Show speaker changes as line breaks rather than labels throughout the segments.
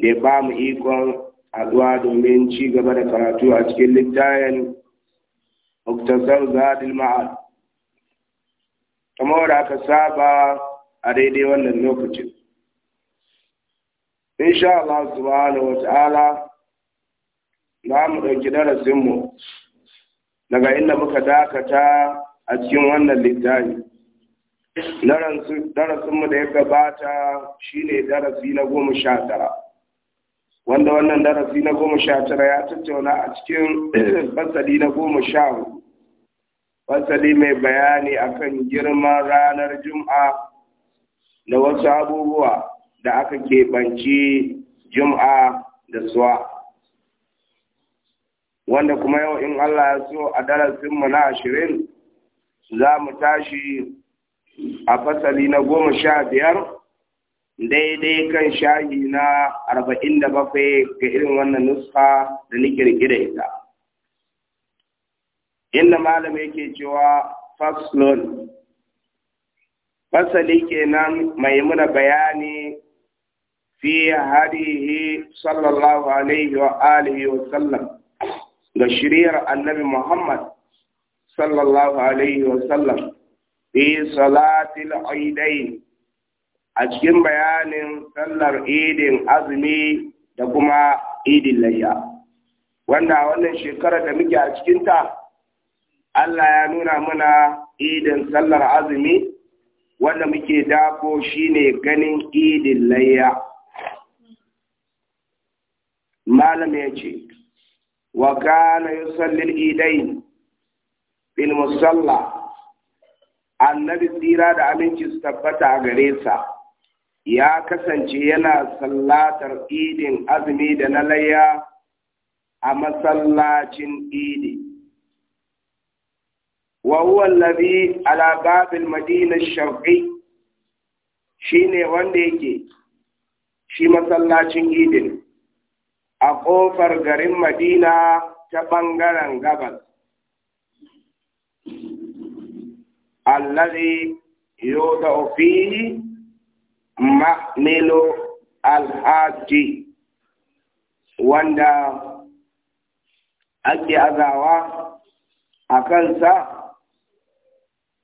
da ba mu ikon haɗuwa domin ci gaba da karatu a cikin littayen muktasar zadil ma'ad kamar da aka saba a daidai wannan lokacin insha Allah subhanahu wa ta'ala na mu ɗauki darasinmu daga inda muka dakata a cikin wannan littafi darasinmu da ya gabata shi ne darasi na goma sha tara wanda wannan darasi na goma sha tara ya tattauna a cikin fasali na goma sha hudu fasali mai bayani akan girman ranar juma'a da wasu abubuwa da aka keɓanci juma'a da suwa wanda kuma yau in Allah ya so a darasinmu na ashirin za mu tashi a fasali na goma sha biyar daidai kan shayi na arba'in da bakwai ga irin wannan nuska da ni kirkira ita. Inda malam yake cewa faslon, fasali kenan mai muna bayani fi harihi sallallahu alaihi wa alihi wa sallam ga shiriyar annabi Muhammad sallallahu alaihi wa sallam fi salatil aidain a cikin bayanin sallar idin azumi da kuma idin layya wanda wannan shekarar da muke a cikinta Allah ya nuna mana idin sallar azumi wanda muke dako shine ganin idin layya malam ya ce wa kana yusalli al-idayn bil musalla annabi tsira da aminci su tabbata a gare sa ya kasance yana sallatar idin azumi da na layya a masallacin idi wa huwa allazi ala babil madina sharqi shine wanda yake shi masallacin idin a ƙofar garin madina ta ɓangaren gabas allazi yau da al alhaji wanda ake azawa a kansa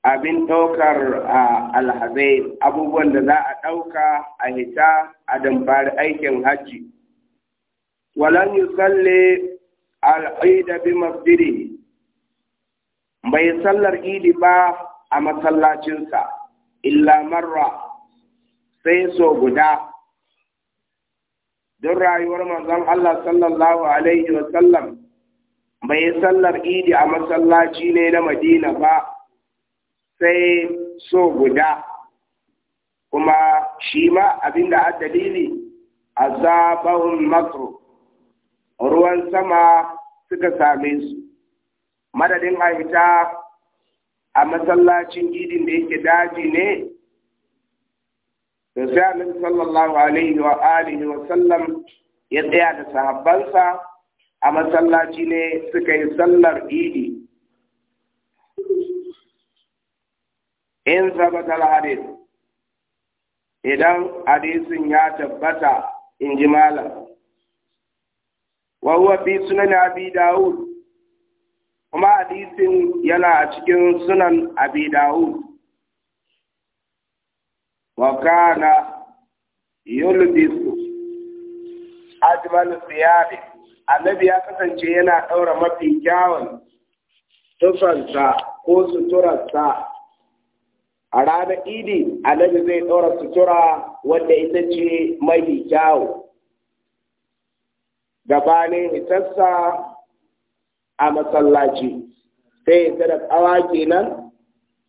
abin ɗaukar a alhazai abubuwan da za a ɗauka a hita a damfari aikin hajji. Walan yi tsalle al'ida bi masjidi bai sallar idi ba a masallacinsa, illa marra sai so guda don rayuwar manzon Allah sallallahu alaihi wa sallam bai sallar idi a masallaci ne na Madina ba sai so guda kuma shi ma abinda a dalili azabahun makro ruwan sama suka same su madadin a a masallacin idin da yake daji ne da sai annabi sallallahu alaihi wa alihi wa sallam ya tsaya da sahabbansa a masallaci ne suka yi sallar idi in sabata hadis idan hadisin ya tabbata in ji malam wa huwa fi sunan abi daud kuma hadisin yana cikin sunan abi daud وكان يلبس أجمل ثيابه annabi ya kasance yana ɗaura mafi kyawun tufansa ko suturarsa a ranar idi annabi zai ɗaura sutura wadda ita ce mafi kyawu gabanin hitarsa a masallaci sai ya awa kenan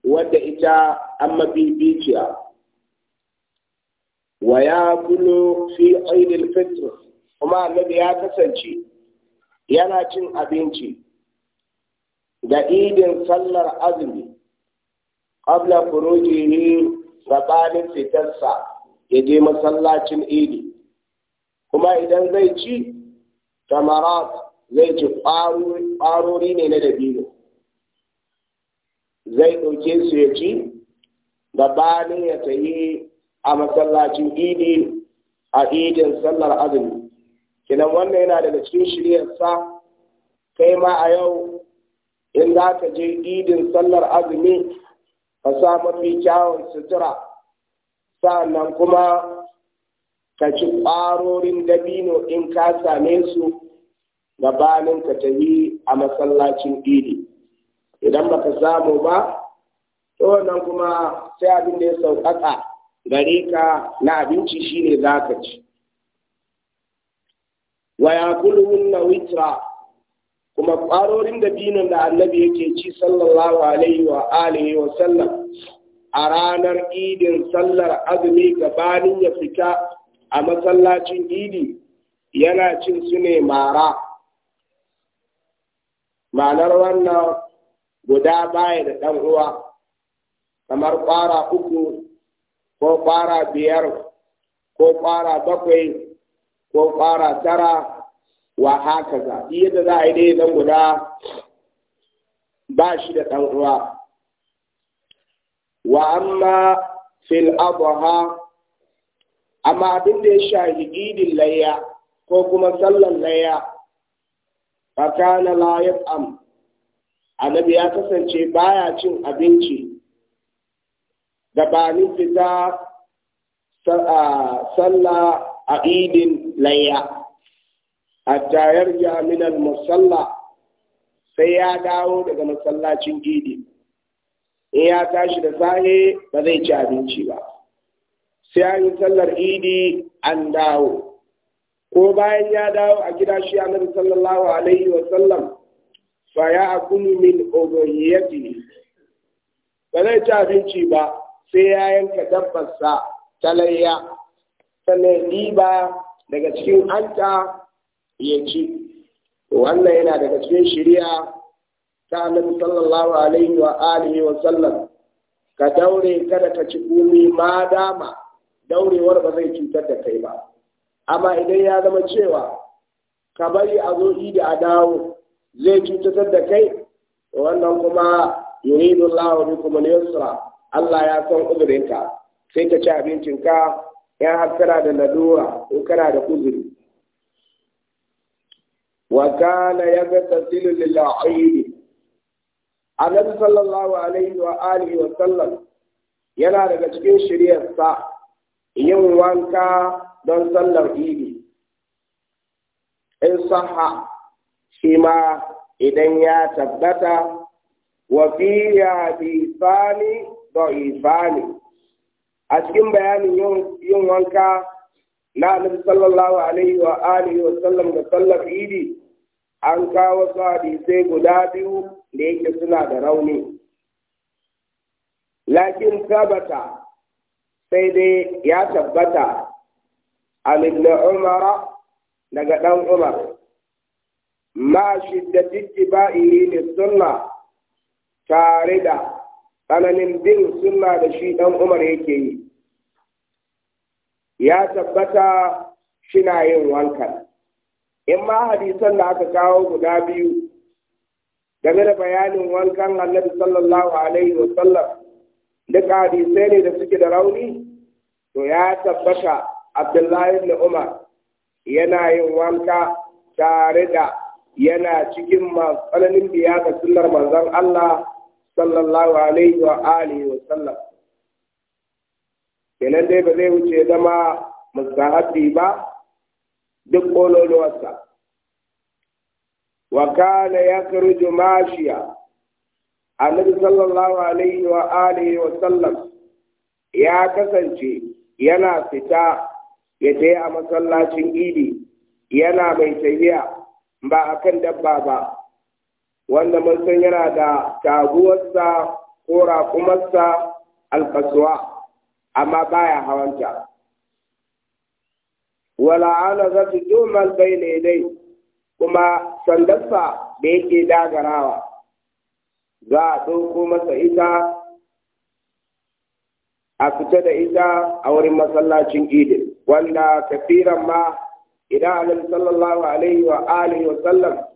wadda ita an mafi biciya wa ya kulu fi aidil fitr kuma annabi ya kasance yana cin abinci da idin sallar azumi qabla khurujihi gabanin fitarsa ya je masallacin idi kuma idan zai ci tamarat zai ci ƙwarori ne na dabino zai ɗauke su ya ci gabanin ya yi a masallacin idi a idin sallar azumi kinan wannan yana daga cikin shiryarsa kai ma a yau in za ka je idin sallar azumi ka sa mafi kyawun sutura sa'annan kuma ka ci ƙwarorin dabino in ka same su gabanin ka tafi a masallacin idi idan baka samu ba to wannan kuma sai abin da ya sauƙaƙa gare ka na abinci shi ne za ka ci wa ya witra kuma ƙwarorin da binan da annabi yake ci sallallahu alaihi wa alihi wa sallam a ranar idin sallar azumi gabanin ya fita a masallacin idi yana cin su ne mara ma'anar wannan guda baya da ɗan uwa kamar ƙwara uku ko ƙwara biyar ko ƙwara bakwai ko ƙwara tara wa haka za iya da za a yi dai zan guda ba shi da ɗan uwa wa amma fil adha amma abin da ya shahi idin layya ko kuma sallan layya fa kana la yat'am annabi ya kasance baya cin abinci gabanin fita sallah a idin layya a tayar jami'ar musalla sai ya dawo daga masallacin idi in ya tashi da sahe ba zai ci abinci ba sai an yi sallar idi an dawo ko bayan ya dawo a gida shi a annabi sallallahu alaihi wa sallam fa ya akulu min ubuhiyati ba zai ci abinci ba sai ya yanka dabbarsa ta layya sannan ɗiba daga cikin hanta ya ci wannan yana daga cikin shirya ta annabi sallallahu alaihi wa alihi wa sallam ka daure kada ka ci komai ma dama daurewar ba zai cutar da kai ba amma idan ya zama cewa ka bari a zo da a dawo zai cutar da kai wannan kuma yuridu kuma bikum al Allah ya san uzurinta sai ka ci abincinka ya haskara kana da lalura ko kana da uzuri wa kana yaghtasilu lil a annabi sallallahu alaihi wa alihi wa sallam yana daga cikin shiryarsa yin wanka don sallar idi in saha shi ma idan ya tabbata wa fiya bi sani da'ifani a cikin bayanin yin wanka na annabi sallallahu alaihi wa alihi wa sallam da sallar idi an kawo wasu hadisai guda biyu da yake suna da rauni lakin tabbata sai dai ya tabbata a ibn daga dan umar ma shiddati ittiba'ihi lis sunna tare da tsananin bin sunna da shi ɗan umar yake yi ya tabbata shina yin wankan in ma hadisan da aka kawo guda biyu game da bayanin wankan Hannatu sallallahu alaihi wasallam duk hadisai ne da suke da rauni to ya tabbata abdullahi da umar yana yin wanka tare da yana cikin masu tsananin biya ga sunnar manzon Allah sallallahu alaihi wa alihi wa sallam kenan dai ba zai wuce zama musahabi ba duk ƙololuwarsa wa kana yakhruju mashiya annabi sallallahu alaihi wa alihi wa sallam ya kasance yana fita ya je a masallacin idi yana mai tafiya ba akan dabba ba wanda mun san yana da taguwarsa ko raƙumarsa alfaswa amma baya hawanta wala ala za ta domal bai ne dai kuma sandarsa da yake dagarawa za a ɗauko masa ita a fita da ita a wurin masallacin idin wanda kafiran ma idan alim sallallahu alaihi wa alihi wa sallam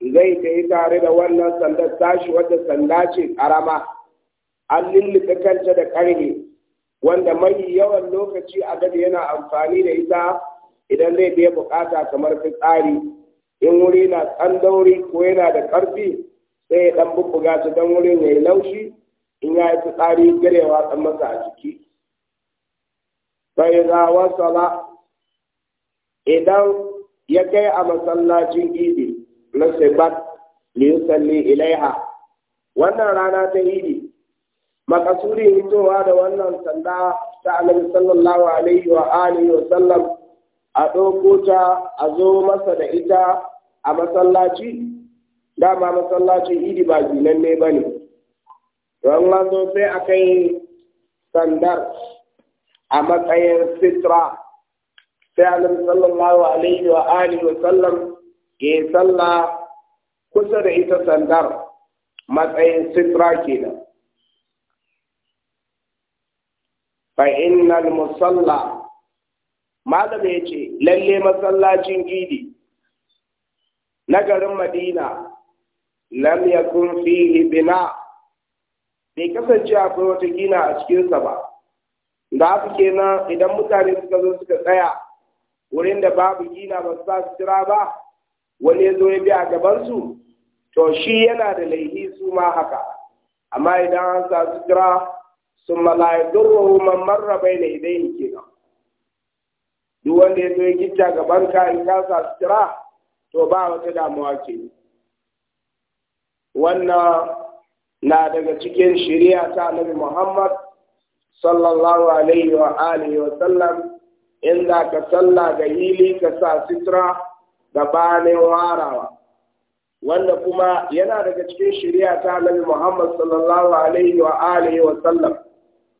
zai ta yi tare da wannan sandar tashi wata sanda ce ƙarama an lullube kanta da ƙarni wanda mai yawan lokaci a gada yana amfani da ita idan zai biya bukata kamar fitsari in wuri na tsandauri ko yana da ƙarfi sai ya ɗan bubbuga su don wurin ya laushi in ya yi fitsari garewa ɗan masa a ciki bai za wasala idan ya kai a masallacin idi na shibat liyusalli ilaiha wannan rana ta idi makasuri hitowa da wannan sanda ta annabi sallallahu alaihi wa alihi wa sallam a ɗauko ta a zo masa da ita a masallaci dama masallacin idi ba ginan ne ba ne don zo sai a kai sandar a matsayin sitra sai annabi sallallahu alaihi wa alihi wa sallam ya yi sallah kusa da ita sandar matsayin sitra kenan fa innal musalla malam ya ce lalle masallacin gidi na garin madina lam yakun fihi bina bai kasance akwai wata gina a cikinsa ba da haka kenan idan mutane suka zo suka tsaya wurin da babu gina ba su sa kira ba wani ya zo ya bi a gabansu to shi yana da laihi su ma haka amma idan an sa sutura sun malaye durruhu man marra bai na idai nan duk wanda ya zo ya gicca gaban ka in ka sa sutura to ba wata damuwa ke wannan na daga cikin shari'a ta annabi Muhammad sallallahu alaihi wa alihi wa sallam in za ka salla ga hili ka sa sutura gabanin warawa wanda kuma yana daga cikin shari'a ta Annabi Muhammad sallallahu alaihi wa alihi wa sallam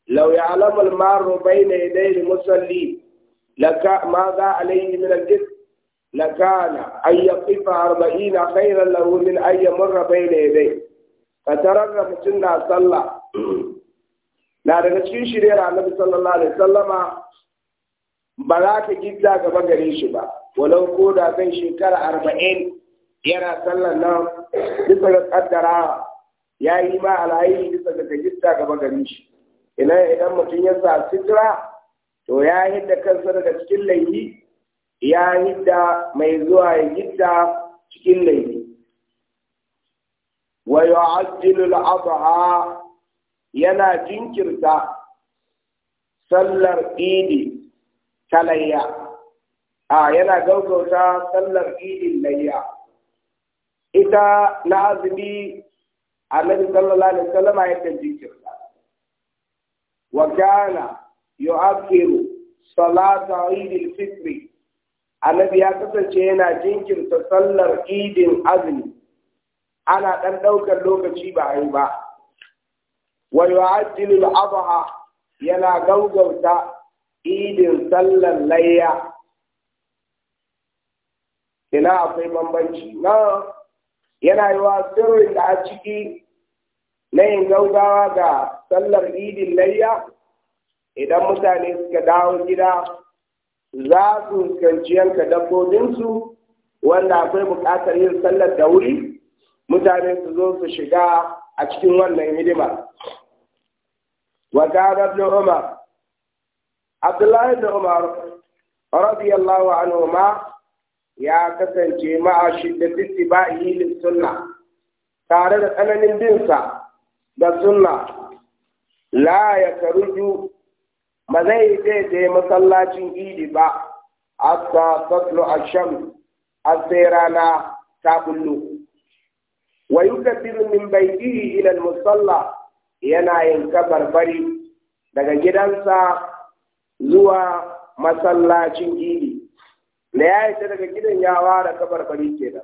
law ya'lamu al maru bayna yaday al-musalli laka ma za alayhi min al jis lakana an yaqifa 40 khayran lahu min an yamurra bayna yaday fatararra mutun na sallah na daga cikin shari'a Annabi sallallahu alaihi wa sallama ba za ka gidda gaba gare shi ba walau ko da zai shekara arba'in yana sallan nan bisa ga kaddara ya yi ma alayi bisa ga gidda gaba gare shi ina idan mutum ya sa sitira to ya hidda kansa daga cikin laifi ya hidda mai zuwa ya gidda cikin laifi wa yu'ajjilu al-adha yana jinkirta sallar idi ta layya a yana gaugauta sallar idin layya ita na azumi annabi sallallahu alaihi wasallam ya kan jinkirta wa kana yu'akhiru salata idil fitri annabi ya kasance yana jinkirta sallar idin azumi ana ɗan ɗaukar lokaci ba a yi ba wa yu'ajjilu al-adha yana gaugauta idin sallar layya ina akwai bambanci na yana yi wa sirrin da a ciki na yin gaugawa ga sallar idin layya idan mutane suka dawo gida za su fuskanci yanka dabbobinsu wanda akwai bukatar yin sallar da wuri mutane su zo su shiga a cikin wannan hidima wa ibn umar Abdullahi bin Umar radiyallahu anhu ma ya kasance ma'a shiddatin tibai lil sunna tare da tsananin binsa da sunna la ya karuju ba zai daidai masallacin idi ba hatta tatlu asham har sai rana ta kullu wa yukabbiru min baitihi ila al-musalla yana yin kabarbari daga gidansa zuwa masallacin idi da ya yi daga gidan yawa da kabarbari ke da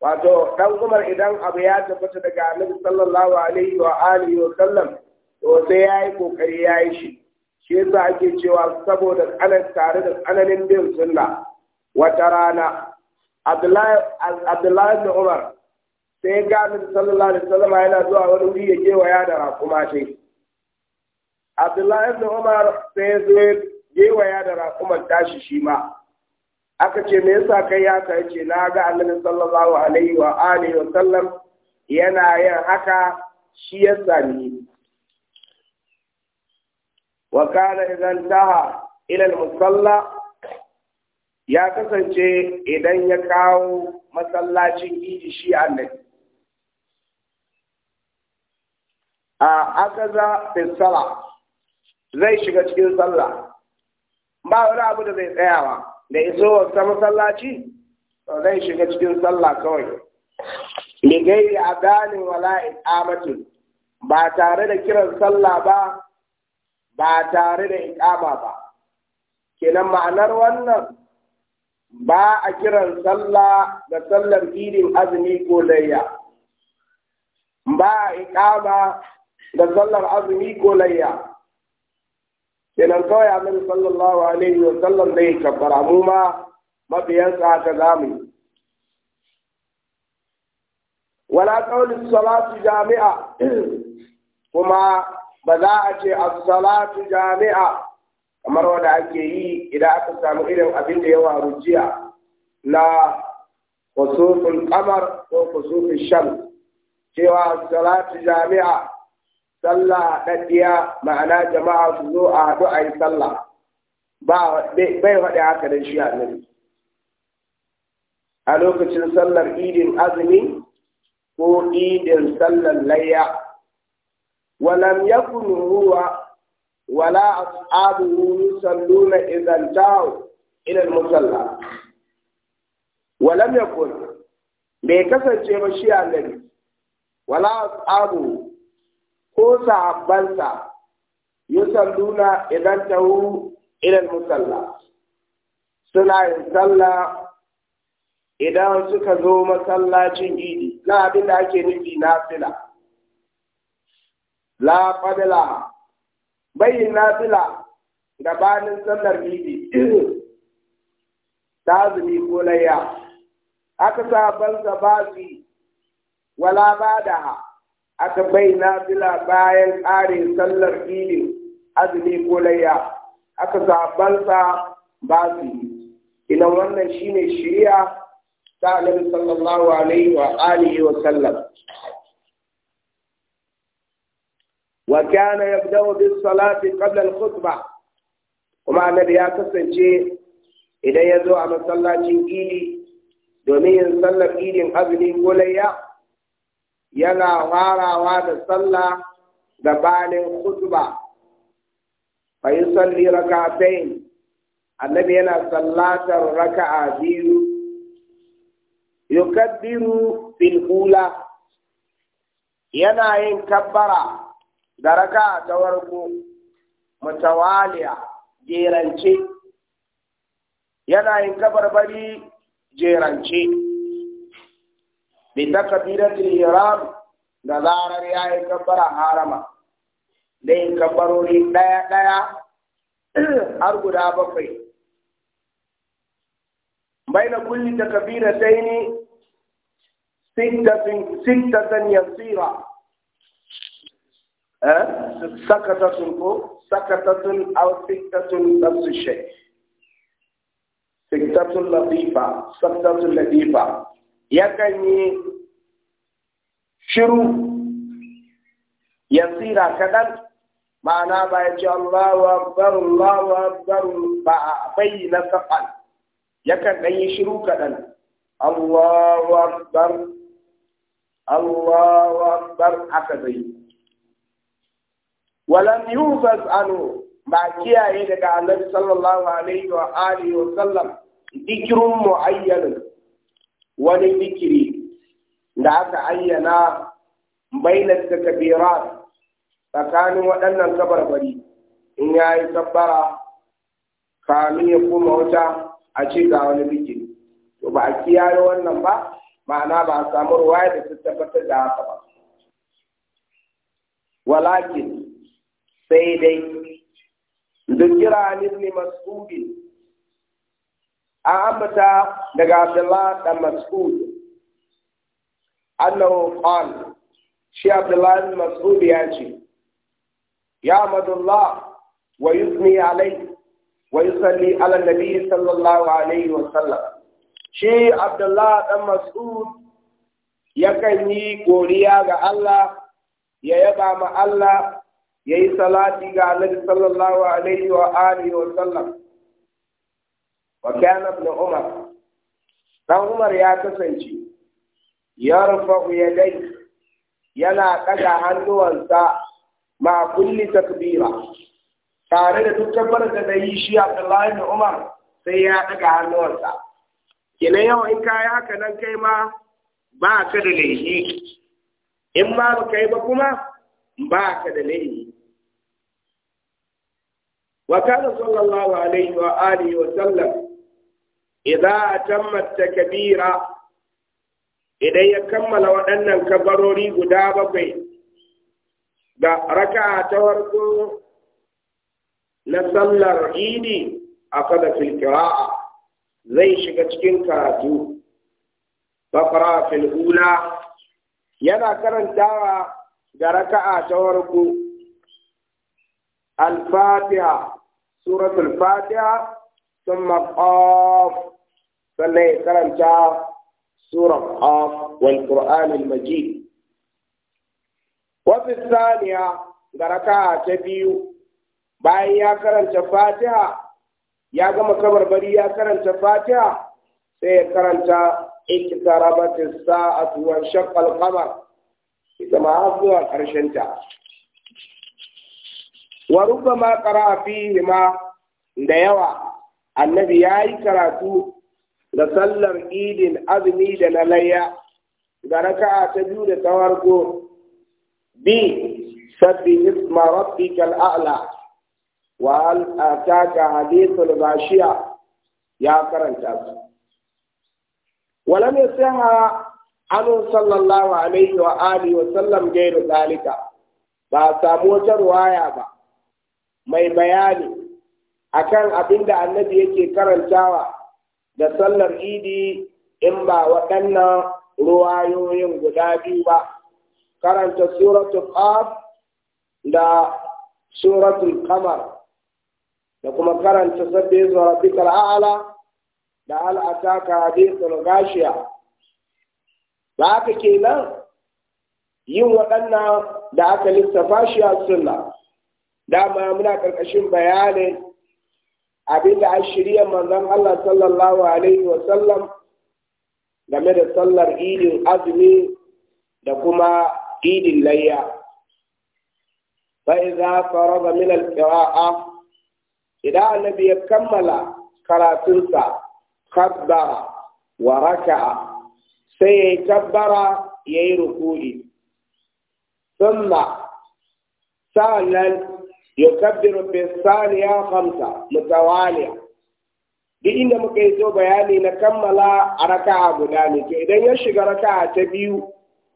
wato ɗan umar idan abu ya tabbata daga annabi sallallahu alaihi wa alihi wa sallam to sai ya yi kokari ya yi shi shi yasa ake cewa saboda tsanan tare da tsananin bin sunna wata rana abdullahi da umar sai ya annabi sallallahu alaihi wa sallam yana zuwa wani wuri ya kewaya da rakuma abdullahi ibn umar sai zo ya da rakuman tashi shi ma aka ce me yasa kai ya ka ce na ga annabi sallallahu alaihi wa alihi wa sallam yana yin haka shi ya sani wa kana idan taha ila al-musalla ya kasance idan ya kawo masallacin iji shi annabi a akaza fi sala zai shiga cikin sallah ba wani abu da zai tsayawa da iso ta masallaci zai shiga cikin sallah kawai a ganin wala iqamatin ba tare da kiran sallah ba ba tare da ikama ba kenan ma'anar wannan ba a kiran sallah da sallar idin azumi ko layya ba a ikama da sallar azumi ko layya kenan kawai annabi sallallahu alaihi wa sallam zai kabbara mu ma mabiyan sa ta zamu wala qawli salatu jami'a kuma ba za a ce as-salatu jami'a kamar wanda ake yi idan aka samu irin abin da yawa waru jiya na khusufin qamar ko khusufin shams cewa as-salatu jami'a sallah ɗaɗɗiya ma'ana jama'a su zo a haɗu a yi sallah ba bai faɗi haka da shi a annabi a lokacin sallar idin azumi ko idin sallar layya ya yakun huwa wala ashabuhu yusalluna idan ta'u ila al-musalla walam yakun bai kasance ba shi a annabi wala ashabuhu ko sahabbansa yusalluna idan tahu ila musalla suna yin sallah idan suka zo masallacin idi na abin da ake nufi na fila la fadila bai na fila gabanin sallar idi ta zumi ko layya aka sabansa ba su wala ba da ha aka bai nafila bayan ƙare sallar ilin azumi ko layya aka zabansa ba su yi ina wannan shine shirya ta annabi sallallahu alaihi wa alihi wa sallam wa kana yabda'u bis salati qabla al khutbah kuma annabi ya kasance idan ya zo a masallacin ili domin yin sallar ilin azumi ko layya yana farawa da sallah da balin khutba
fa yusalli
rak'atayn annabi yana sallatar raka'a biyu yukaddiru bil ula yana yin kabbara da raka'a ta warko mutawaliya jerance yana yin kabarbari jerance bi takbiratul ihram da zarar yayi kabbara harama dai kabbarori ɗaya daya har guda bakwai baina kulli takbirataini sittatin sittatan yasira eh sakatatun ko sakatatun aw sittatun nafsu shay sittatun latifa yakan yi shiru ya kaɗan ma'ana ba ya ce Allahu akbar Allahu ba a bayyana safan yakan ɗan yi shiru kaɗan Allahu akbar Allahu akbar aka zai walam yufas anu ba kiyaye daga annabi sallam dikirin mu'ayyanin wani zikiri da aka ayyana bainar takabira tsakanin waɗannan kabarbari in ya yi tabbara kamin ya koma wata a ce ga wani zikiri to ba a kiyaye wannan ba ma'ana ba a samu ruwaya da su tabbatar da haka ba walakin sai dai dukira ibn mas'udin an ambata daga Abdullah da Mas'ud shi Abdullah bin ya ce ya Abdullah wa yusni alai wa yusalli ala nabi sallallahu alaihi wa sallam shi Abdullah dan Mas'ud yakan yi godiya ga Allah ya yaba ma Allah ya yi salati ga Annabi sallallahu alaihi wa sallam wa kana ibn umar dan umar ya kasance yarfa'u yadayhi yana ɗaga hannuwansa ma kulli takbira tare da duk tabbatar da yi shi Abdullahi bin Umar sai ya ɗaga hannuwansa kina yau in kai haka nan kai ma ba ka da laifi in ma ba kai ba kuma ba ka da laifi wa kana sallallahu alaihi wa alihi wa sallam idza atamma takbira idan ya kammala waɗannan kabarori guda bakwai ga raka'a ta farko na sallar idi a kada filkira'a zai shiga cikin karatu bakara filhula yana karantawa ga raka'a ta farko al-fatiha suratul fatiha ثم قاف sannan ya karanta surar qaf wal qur'an al majid wasu saniya ga raka ta biyu bayan ya karanta fatiha ya gama bari ya karanta fatiha sai ya karanta iktarabatis sa'atu wa shaqqal qamar ita ma zuwa karshen ta wa rubbama qara'a ma da yawa annabi ya yi karatu da sallar idin azumi da na layya ga raka'a ta biyu da ta farko bi sabbi isma rabbika a'la wa al ataka hadithul bashiya ya karanta su ha anu sallallahu alaihi wa alihi wa Sallam Gairu Dalika? ba samu wata ruwaya ba mai bayani akan abinda annabi yake karantawa da sallar idi in ba waɗannan ruwayoyin guda biyu ba karanta suratul qaf da suratul qamar da kuma karanta sabbe zuwa fitar a'ala da al'ataka hadithul gashiya ba haka nan? yin waɗannan da aka lissafa shi a sunna dama muna ƙarƙashin bayanin abin da a shirya manzon Allah sallallahu alaihi wa sallam game da sallar idin azumi da kuma idin layya za ka raba min al idan annabi ya kammala karatunsa kabbara wa raka'a sai ya kabbara yayi ruku'i sunna sa'annan yukabbiru fi saniya khamsa mutawaliya duk inda muka yi zo bayani na kammala a raka'a guda ne to idan ya shiga raka'a ta biyu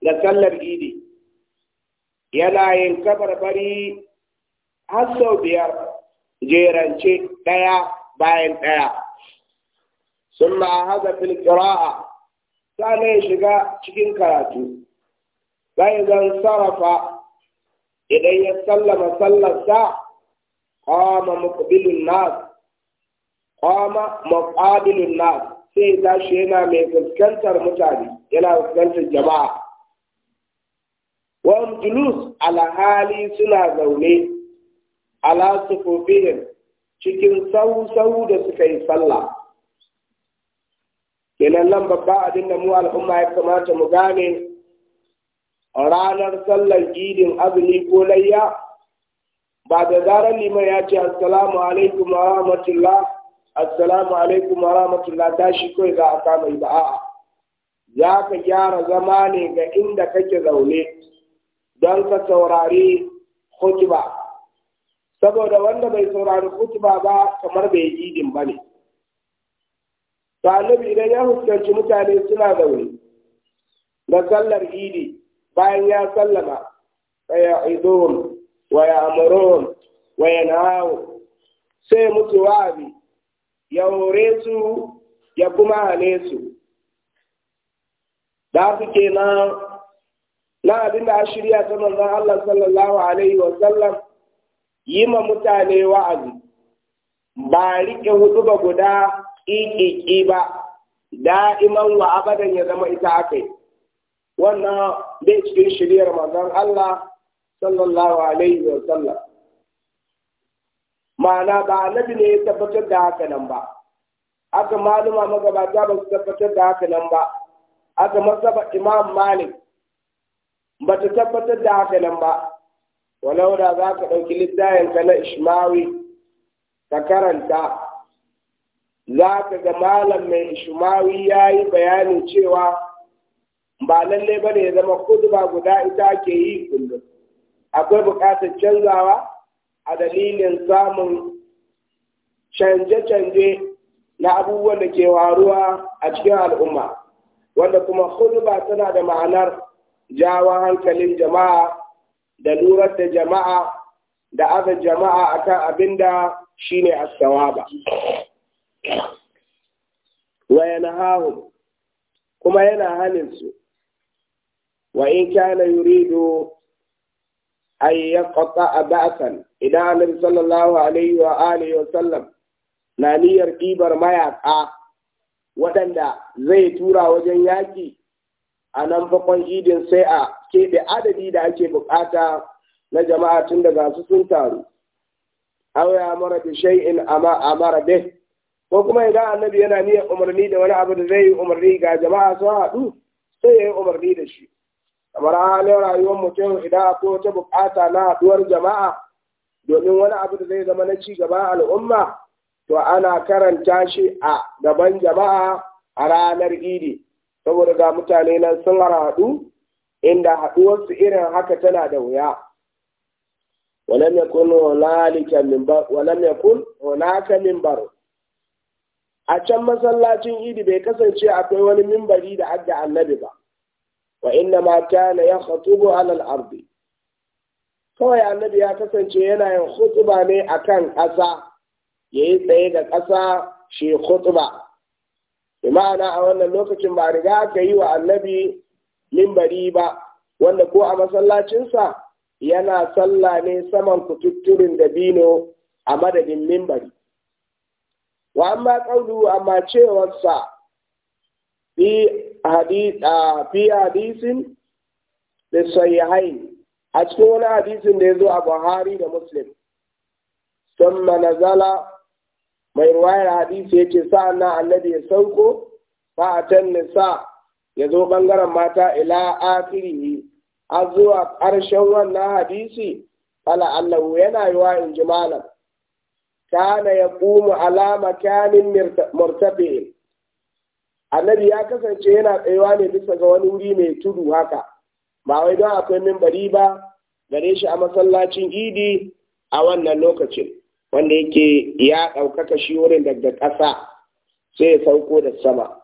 da sallar gidi. yana yin kabarbari har biyar jerance ɗaya bayan ɗaya sun ma'ahaza fil ƙira'a sa'ana ya shiga cikin karatu bayan zan sarrafa idan ya sallama sallarsa qama muqbilun nas qama muqabilun nas sai ya tashi yana mai fuskantar mutane yana fuskantar jama'a wam julus alhali suna zaune ala sufufihim cikin sau-sau da suka yi sallah kenan nan babba abin da mu al'umma ya kamata mu gane ranar sallar idin azumi ko layya ba da zarar lima ya ce assalamu alaikum wa rahmatullah assalamu alaikum wa rahmatullah tashi kai za a kama ba a'a za ka gyara zama ne ga inda kake zaune don ka saurari ba. saboda wanda bai saurari hutuba ba kamar bai yi idin ba ne to idan ya fuskanci mutane suna zaune da sallar idi bayan ya sallama ya idohun wa ya amurohun wa sai mutu wa'abi ya hore ya kuma hane su da su na na abin da shirya ta manzon Allah sallallahu alaihi wa sallam yi ma mutane wa'azi ba rike hudu ba guda ƙiƙiƙi ba da'iman wa abadan ya zama ita akai. wannan bai cikin shiriyar manzon Allah sallallahu alaihi wa sallam ma'ana ba annabi ne ya tabbatar da haka nan ba aka maluma magabata ba su tabbatar da haka nan ba aka masaba imam malik ba ta tabbatar da haka nan ba walau da za ka ɗauki littafin ka na ishmawi ka karanta za ka ga malam mai ishmawi ya yi bayanin cewa ba lalle ba ne ya zama ba guda ita ke yi kullum akwai buƙatar canzawa a dalilin samun canje-canje na abubuwan da ke waruwa a cikin al'umma wanda kuma huduba tana da ma'anar jawo hankalin jama'a da lurar da jama'a da aza jama'a akan abin da shi ne asawaba wa yana kuma yana su? وإن كان يريد أن يقطع بأسا إذا النبي صلى الله عليه وآله وسلم na niyyar ɗibar mayaƙa waɗanda zai tura wajen yaƙi a nan bakon idin sai a keɓe adadi da ake buƙata na jama'a tun da ga su sun taru. Auya mara bi shay'in amma mara be. Ko kuma idan annabi yana niyyar umarni da wani abu da zai yi umarni ga jama'a sun haɗu sai ya yi umarni da shi. kamar halin rayuwar mutum idan akwai wata bukata na haduwar jama'a domin wani abu da zai zama na ci gaba al'umma to ana karanta shi a gaban jama'a a ranar idi saboda ga mutane nan sun haɗu inda haɗuwarsu irin haka tana da wuya ولم يكن هنالك منبر ولم يكن a can masallacin idi bai kasance akwai wani mimbari da adda annabi ba wa inna ma kana ya khatubu alal ardi kawai annabi ya kasance yana yin khutba ne akan ƙasa yayi tsaye da ƙasa shi khutba bi ma'ana a wannan lokacin ba riga aka yi wa annabi mimbari ba wanda ko a masallacinsa yana sallah ne saman kututturin dabino a madadin mimbari wa amma ƙaulu amma cewarsa fi hadisin da sahihain a cikin wani hadisin da ya zo a Buhari da Muslim sun mai ruwayar hadisi ya ce sa'an na annabi ya sauko ba a nisa ya zo ɓangaren mata ila akirihi a zuwa wannan hadisi ala allahu yana yiwa in malam kana ya ƙumu alama kanin annabi ya kasance yana tsayawa ne bisa ga wani wuri mai tudu haka ba wai don akwai mimbari ba gare shi a masallacin idi a wannan lokacin wanda yake ya ɗaukaka shi wurin daga ƙasa sai ya sauko da sama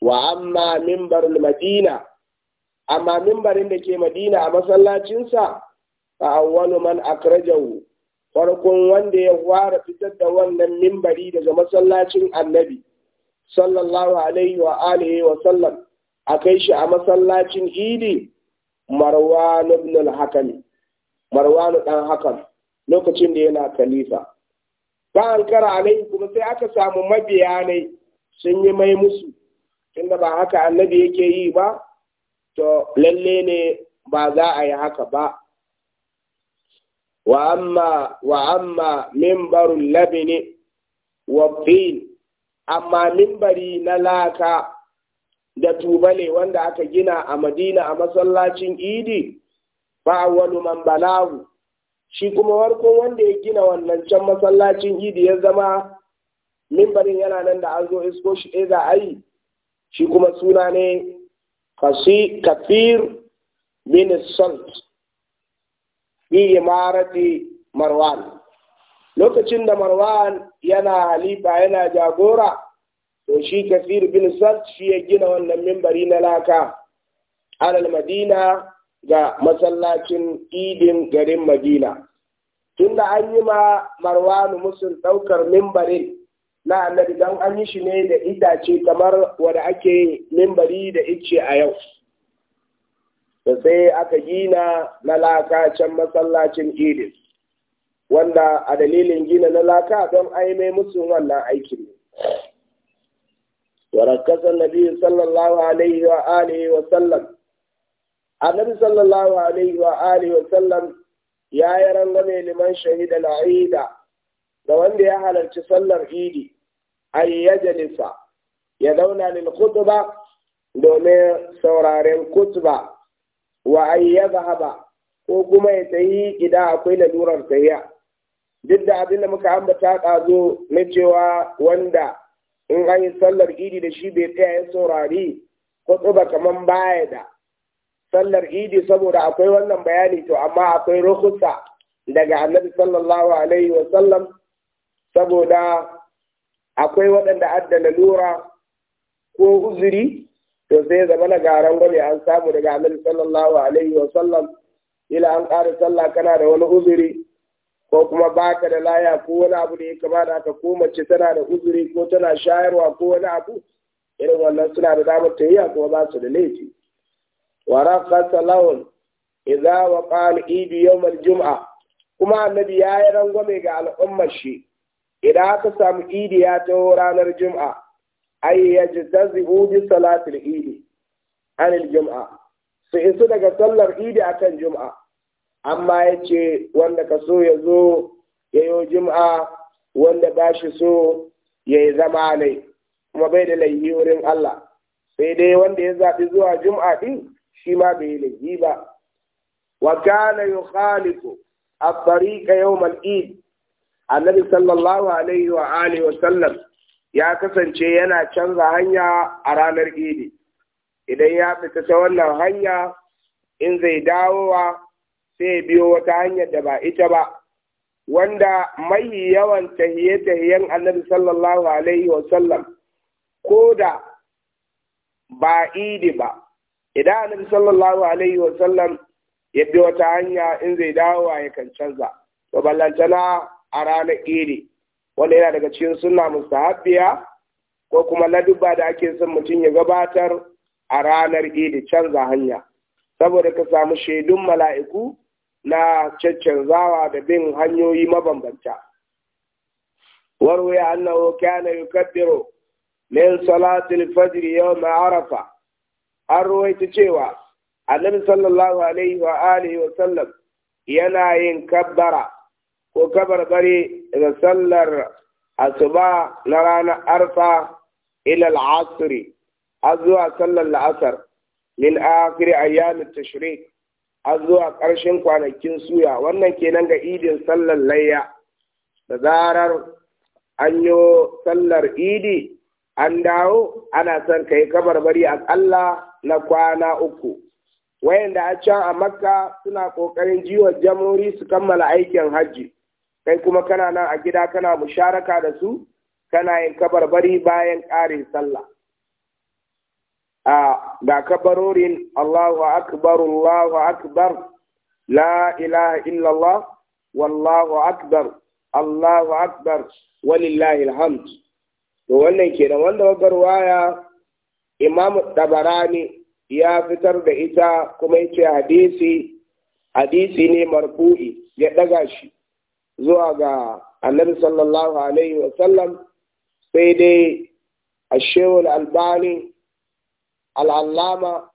wa amma mimbarul madina amma mimbarin da ke madina a masallacinsa fa awwalu man akrajahu farkon wanda ya fara fitar da wannan mimbari daga masallacin annabi sallallahu alaihi wa alihi wa sallam a kai shi a masallacin idi marwan ibn al-hakam marwan dan hakan lokacin da yana khalifa ba an kara alaihi kuma sai aka samu mabiya ne sun yi mai musu tunda ba haka annabi yake yi ba to lalle ne ba za a yi haka ba wa amma wa amma minbarul labini wa amma mimbari na laka da tubale wanda aka gina a madina a masallacin idi ba wani man shi kuma warkon wanda ya gina wannan can masallacin idi ya zama mimbarin yana nan da an zo isko shi ɗaya za a yi shi kuma suna ne kafir bin salt bi imarati marwan lokacin da marwan yana halifa yana jagora to shi kafir bin sad shi ya gina wannan mimbari na laka alal madina ga masallacin idin garin madina tunda an yi ma marwanu musul ɗaukar mimbarin na annabi don an yi shi ne da itace kamar wanda ake mimbari da ice a yau da sai aka gina na laka can masallacin idin wanda a dalilin gina na laka don ai mai musu wannan aikin ne warakasa nabi sallallahu alaihi wa Alaihi wa sallam Nabi sallallahu alaihi wa Alaihi wa sallam ya yi rangame liman shahida la'ida da wanda ya halarci sallar idi ay yajlisa ya dauna lil kutuba domin sauraren kutuba wa ayyaba, yadhhaba ko kuma ya tayi idan akwai lalurar tahiya duk da abin da muka ambata ɗazo na cewa wanda in an yi sallar idi da shi bai tsaya ya saurari ko tsuba kaman baya da sallar idi saboda akwai wannan bayani to amma akwai rukusa daga annabi sallallahu alaihi wa sallam saboda akwai waɗanda addana lura ko uzuri to sai zama na garan gwani an samu daga annabi sallallahu alaihi wa sallam ila an ƙara sallah kana da wani uzuri ko kuma baka da laya ko wani abu da ya kamata da ko mace tana da uzuri ko tana shayarwa ko wani abu irin wannan suna da damar ta yi a kuma ba su da laifi wa raqasa Lawan idza wa al-eid yawm al-jum'a kuma annabi ya yi rangwame ga al'ummar shi idan aka samu idi ya ta ranar jum'a ay yajtazi'u bi salatil idi anil jum'a su isu daga sallar idi akan jum'a amma ya ce wanda ka so ya zo ya yi jima'a wanda ba shi so ya yi zama ne kuma bai da laihi wurin Allah sai dai wanda ya zaɓi zuwa jima'a? ɗin shi ma bai yi laihi ba wa kana yukhalifu a tariqa yawm yau eid annabi sallallahu alaihi wa alihi wa sallam ya kasance yana canza hanya a ranar idi idan ya fita ta wannan hanya in zai dawowa sai biyo wata hanyar da ba ita ba wanda mai yawan tahiye-tahiyen annabi sallallahu alaihi wasallam ko da ba idi ba idan annabi sallallahu alaihi wasallam ya bi wata hanya in zai dawo ya kan canza to ballantana a ranar idi wanda yana daga cikin sunna mustahabbiya ko kuma ladubba da ake son mutum ya gabatar a ranar idi canza hanya saboda ka samu shaidun mala'iku na caccanzawa da bin hanyoyi mabambanta warwe annahu kana yukaddiru min salatil fajr yawm arafa an ruwaita cewa annabi sallallahu alaihi wa alihi wa sallam yana yin kabbara ko kabarbare da sallar asuba na ranar arfa ila al-asr azwa sallar al-asr min akhir ayyamit tashrik har zuwa ƙarshen kwanakin suya wannan kenan ga idin sallar layya da zarar an yi sallar idi an dawo ana son ka yi a aƙalla na kwana uku wayanda a can a makka suna ƙoƙarin jiwa jamhuri su kammala aikin hajji kai kuma kana nan a gida kana musharaka da su kana yin kabarbari bayan ƙarin sallah a ga kabarorin Allahu akbar Allahu akbar la ilaha illallah wallahu akbar Allahu akbar walillahi alhamd to wannan kenan wanda wagar waya Imam Tabarani ya fitar da ita kuma yace hadisi hadisi ne marfu'i ya daga shi zuwa ga Annabi sallallahu alaihi wa sallam sai dai Ashewul Albani al'allama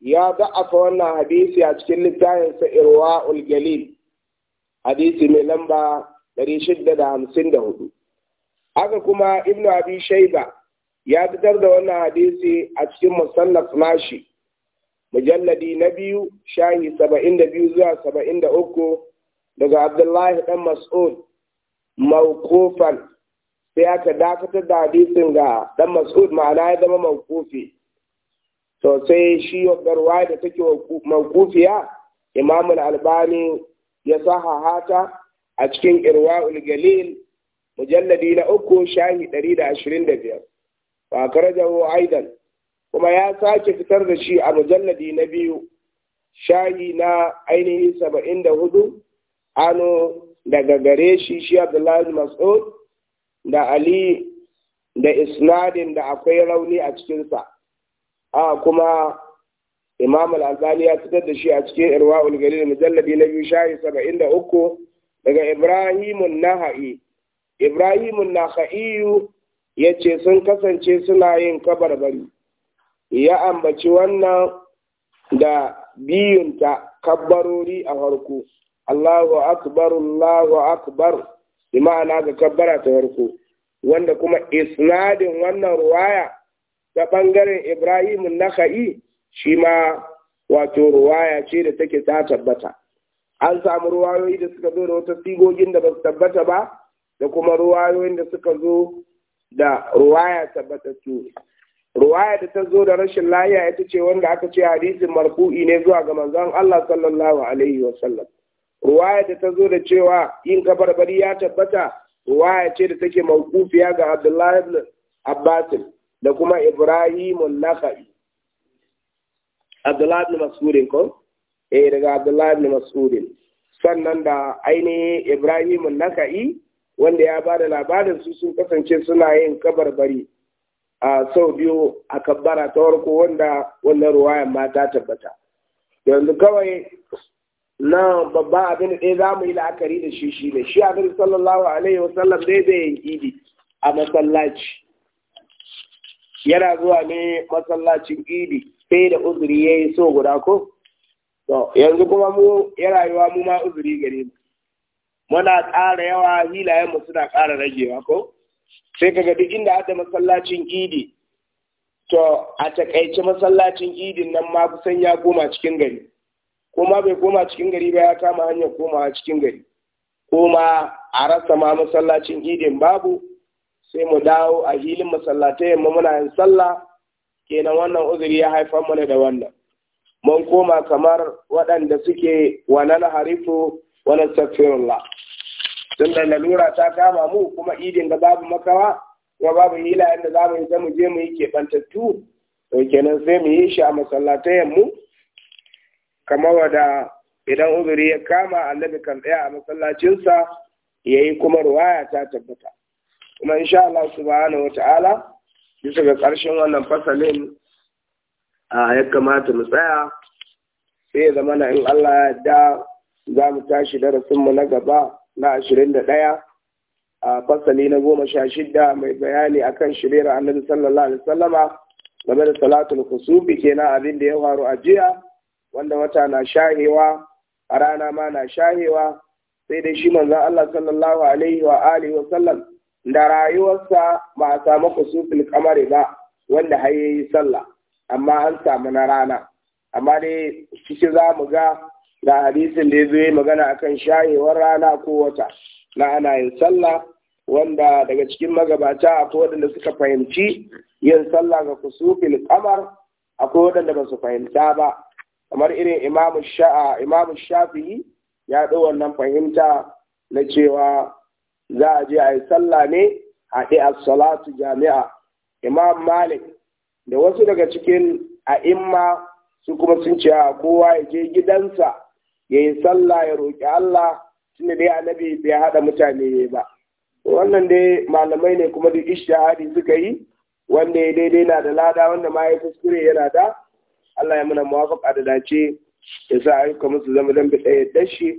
ya da'afa wannan hadisi a cikin littafinsa irwa ulgalil hadisi mai lamba 654 haka kuma ibnu abi shaiba ya fitar da wannan hadisi a cikin musallaf nashi mujalladi na biyu shahi 72 zuwa 73 daga abdullahi dan mas'ud Ma'ukofan, sai aka dakatar da hadisin ga dan mas'ud ma'ana ya zama mawqufi sosai shi ruwa da take mawqufiya imamul albani ya sahaha ta a cikin irwa Galil mujalladi na uku shahi ɗari da ashirin 125 wa karajahu aidan kuma ya sake fitar da shi a mujalladi na biyu shahi na ainihi saba'in da hudu ano daga gare shi shi abdullahi mas'ud da ali da isnadin da akwai rauni a cikinsa a kuma imam al-albani ya fitar da shi a cikin irwaul galil mujalladi na biyu shahi saba'in da uku daga ibrahimun naha'i ibrahimun naha'iyu ya ce sun kasance suna yin kabarbari ya ambaci wannan da biyunta kabbarori a harku. Allahu akbar Allahu akbar bi ma'ana ga kabbara ta farko wanda kuma isnadin wannan ruwaya ta ɓangaren Ibrahim Naka'i shi ma wato ruwaya ce da take ta tabbata. An samu ruwayoyi da suka zo da wata sigogin da ba su tabbata ba, da kuma ruwayoyin da suka zo da ruwaya tabbatattu. Ruwaya da ta zo da rashin lahiya ita ce wanda aka ce hadisin marfu'i ne zuwa ga manzon Allah sallallahu alaihi wa sallam. Ruwaya da ta zo da cewa yin kabarbari ya tabbata ruwaya ce da take mawqufiya ga Abdullahi Abbasin. da kuma Ibrahimun Naka'i. Abdullahi ibn Mas'udin ko? Eh daga Abdullahi ibn Mas'udin. Sannan da ainihin Ibrahimun Naka'i wanda ya ba da labarin su sun kasance suna yin kabarbari a sau biyu a kabbara ta warko wanda wannan ruwayan ma ta tabbata. Yanzu kawai na babba abin da za mu yi la'akari da shi shi ne shi abin sallallahu alaihi wasallam dai zai yin idi a masallaci. yana zuwa ne masallacin idi sai da uzuri ya yi so guda ko to yanzu kuma mu ya rayuwa mu ma uzuri gare mu muna ƙara yawa hilayen mu suna ƙara ragewa ko sai kaga duk inda aka masallacin idi to a takaice masallacin idin nan ma kusan ya koma cikin gari kuma bai koma cikin gari ba ya kama hanyar komawa cikin gari kuma a rasa ma masallacin idin babu sai mu dawo a hilin masallatai yamma muna yin sallah kenan wannan uzuri ya haifar mana da wannan mun koma kamar waɗanda suke wannan harifu wani tafsirullah tun da lalura ta kama mu kuma idin da babu makawa kuma babu hila yadda za mu yi mu je mu yi keɓantattu to kenan sai mu yi shi a masallatai mu kamar wada idan uzuri ya kama annabi kan tsaya a masallacinsa ya yi kuma ruwaya ta tabbata kuma insha Allah subhanahu wata'ala bisa ga ƙarshen wannan fasalin a ya kamata mu tsaya sai zama na in Allah ya da za mu tashi darasinmu na gaba na ashirin da ɗaya a fasali na goma sha shida mai bayani akan shirin annabi sallallahu alaihi wasallama game da salatul kusufi kenan abin da ya faru a jiya wanda wata na shahewa a rana ma na shahewa sai dai shi manzon Allah sallallahu alaihi wa alihi wa sallam da rayuwarsa ba a samu kusufin kamari ba wanda har yi sallah amma an samu na rana amma dai ciki za mu ga da hadisin da ya zo yi magana akan shayewar rana ko wata na ana yin sallah wanda daga cikin magabata akwai waɗanda suka fahimci yin sallah ga kusufin kamar akwai waɗanda ba su fahimta ba kamar irin imamu shafi'i ya ɗau wannan fahimta na cewa za a je a yi sallah ne a ɗi salatu jami'a imam malik da wasu daga cikin a'imma su kuma sun ce a kowa ya je gidansa ya yi sallah ya roƙi Allah ne dai annabi bai haɗa mutane ba wannan dai malamai ne kuma duk ishtihadi suka yi wanda ya daidai na da lada wanda ma ya kuskure yana da Allah ya muna muwafaqa da dace ya sa aika musu zama dan bi ɗaya dashi